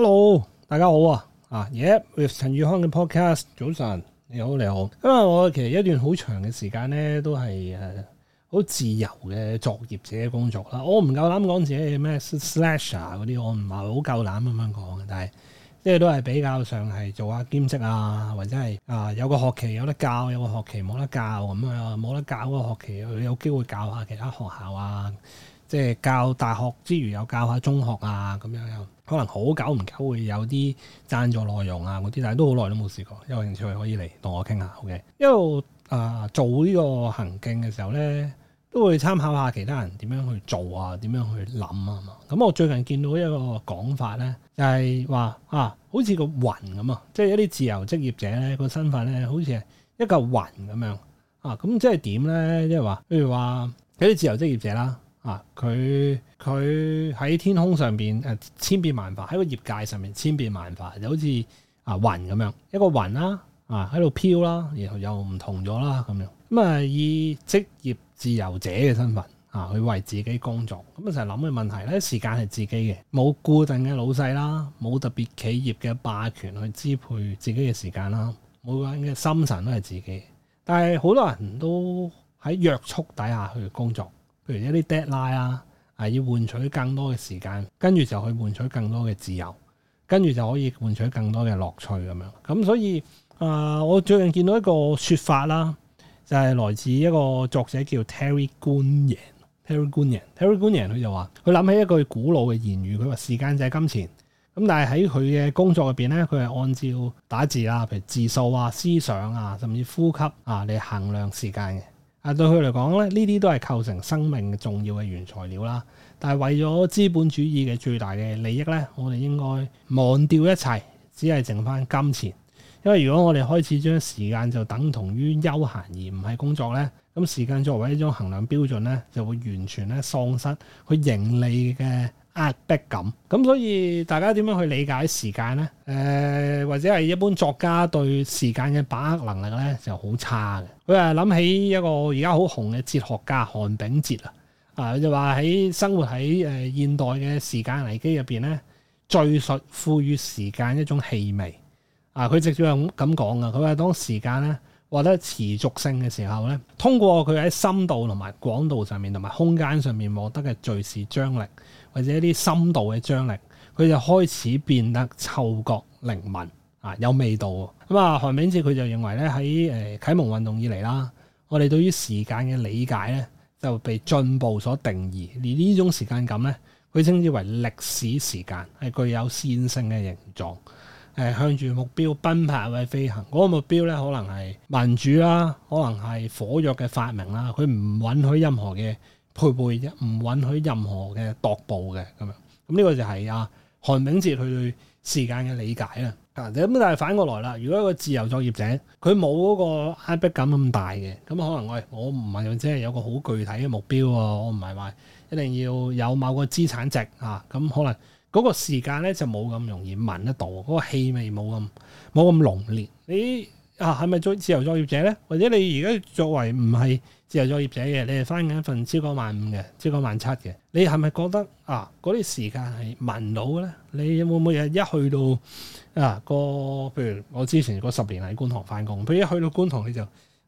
Hello，大家好啊！啊，耶，陳宇康嘅 podcast，早晨，你好，你好。咁啊，我其實一段好長嘅時間咧，都係誒好自由嘅作業者工作啦。我唔夠膽講自己咩 slasher 嗰啲，我唔係好夠膽咁樣講嘅。但係即係都係比較上係做下兼職啊，或者係啊有個學期有得教，有個學期冇得教咁樣，冇得教嗰個學期有有機會教下其他學校啊。即係教大學之餘，又教下中學啊，咁樣又可能好久唔久會有啲贊助內容啊嗰啲，但係都好耐都冇試過。有興趣可以嚟同我傾下。OK，因為啊、呃、做呢個行徑嘅時候咧，都會參考下其他人點樣去做啊，點樣去諗啊嘛。咁我最近見到一個講法咧，就係、是、話啊，好似個雲咁啊，即係一啲自由職業者咧個身份咧，好似係一個雲咁樣啊。咁即係點咧？即係話，譬如話，啲自由職業者啦。啊！佢佢喺天空上邊誒、啊，千變萬化；喺個業界上面，千變萬化，就好似啊雲咁樣，一個雲啦、啊，啊喺度飄啦，然後、啊、又唔同咗啦咁樣。咁啊，以職業自由者嘅身份啊，去為自己工作。咁啊，成日諗嘅問題咧，時間係自己嘅，冇固定嘅老細啦，冇特別企業嘅霸權去支配自己嘅時間啦。每個人嘅心神都係自己，但係好多人都喺約束底下去工作。譬如一啲 deadline 啊，啊要換取更多嘅時間，跟住就去換取更多嘅自由，跟住就可以換取更多嘅樂趣咁樣。咁、嗯、所以啊、呃，我最近見到一個説法啦，就係、是、來自一個作者叫 Terry g u n n n g Terry g u n n n g t e r r y g u n n n g，佢就話，佢諗起一句古老嘅言語，佢話時間就係金錢。咁但係喺佢嘅工作入邊咧，佢係按照打字啊，譬如字數啊、思想啊，甚至呼吸啊嚟衡量時間嘅。啊，對佢嚟講咧，呢啲都係構成生命重要嘅原材料啦。但係為咗資本主義嘅最大嘅利益咧，我哋應該忘掉一切，只係剩翻金錢。因為如果我哋開始將時間就等同於休閒而唔係工作咧，咁時間作為一種衡量標準咧，就會完全咧喪失佢盈利嘅壓迫感，咁、啊、所以大家點樣去理解時間咧？誒、呃，或者係一般作家對時間嘅把握能力咧就好差嘅。佢話諗起一個而家好紅嘅哲學家韓炳哲啊，啊佢就話喺生活喺誒、呃、現代嘅時間危機入邊咧，敘述賦予時間一種氣味啊，佢直接係咁講噶，佢話當時間咧。或者持續性嘅時候咧，通過佢喺深度同埋廣度上面，同埋空間上面獲得嘅敘事張力，或者一啲深度嘅張力，佢就開始變得嗅覺靈敏啊，有味道。咁啊，韓炳哲佢就認為咧，喺誒啟蒙運動以嚟啦，我哋對於時間嘅理解咧就被進步所定義，而呢種時間感咧，佢稱之為歷史時間，係具有線性嘅形狀。誒向住目標奔跑或者飛行，嗰、那個目標咧可能係民主啦，可能係火藥嘅發明啦，佢唔允許任何嘅退步啫，唔允許任何嘅踱步嘅咁樣。咁、這、呢個就係阿韓炳哲佢對時間嘅理解啦。啊咁，但係反過來啦，如果一個自由作業者，佢冇嗰個壓迫感咁大嘅，咁、嗯、可能喂我唔係用，即係有個好具體嘅目標啊。我唔係話一定要有某個資產值啊，咁、嗯、可能。嗰個時間咧就冇咁容易聞得到，嗰個氣味冇咁冇咁濃烈。你啊係咪做自由作業者咧？或者你而家作為唔係自由作業者嘅，你係翻緊一份朝九晚五嘅、朝九晚七嘅，你係咪覺得啊嗰啲時間係聞到咧？你有冇每日一去到啊個？譬如我之前個十年喺觀塘翻工，譬如一去到觀塘你就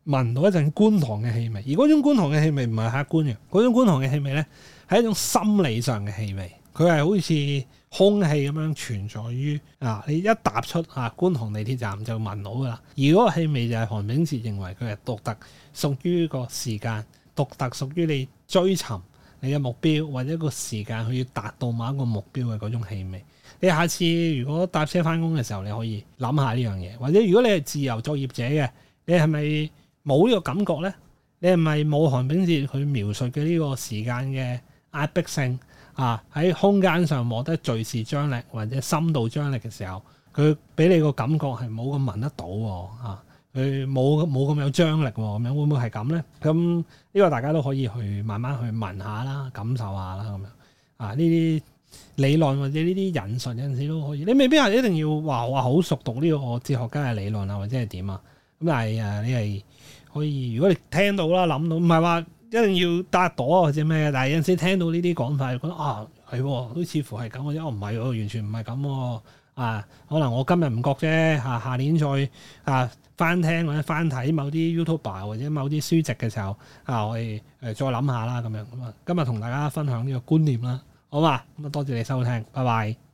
聞到一陣觀塘嘅氣味。而嗰種觀塘嘅氣味唔係客觀嘅，嗰種觀塘嘅氣味咧係一種心理上嘅氣味。佢係好似空氣咁樣存在於啊！你一踏出啊觀塘地鐵站就聞到㗎喇。而嗰個氣味就係韓炳哲認為佢係獨特屬於個時間，獨特屬於你追尋你嘅目標或者個時間去要達到某一個目標嘅嗰種氣味。你下次如果搭車返工嘅時候，你可以諗下呢樣嘢。或者如果你係自由作業者嘅，你係咪冇呢個感覺咧？你係咪冇韓炳哲佢描述嘅呢個時間嘅壓迫性？啊！喺空間上獲得敘事張力或者深度張力嘅時候，佢俾你個感覺係冇咁聞得到喎。啊，佢冇冇咁有張力喎。咁樣會唔會係咁咧？咁、嗯、呢、這個大家都可以去慢慢去聞下啦，感受下啦咁樣。啊，呢啲理論或者呢啲引述有陣時都可以。你未必係一定要話話好熟讀呢個哲學家嘅理論啊，或者係點啊。咁但係誒，你係可以，如果你聽到啦，諗到唔係話。一定要搭到或者咩？但係有陣時聽到呢啲講法，覺得啊係，都似乎係咁。因為我唔係，我完全唔係咁。啊，可能我今日唔覺啫。嚇、啊，下年再啊翻聽或者翻睇某啲 YouTuber 或者某啲書籍嘅時候，啊我哋誒、呃、再諗下啦咁樣咁啊。今日同大家分享呢個觀念啦，好嘛？咁啊，多謝你收聽，拜拜。